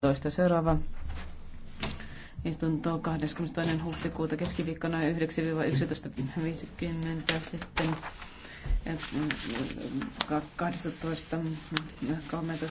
toista seuraava istunto 22. huhtikuuta keskiviikkona 9-11.50 sitten 12.13.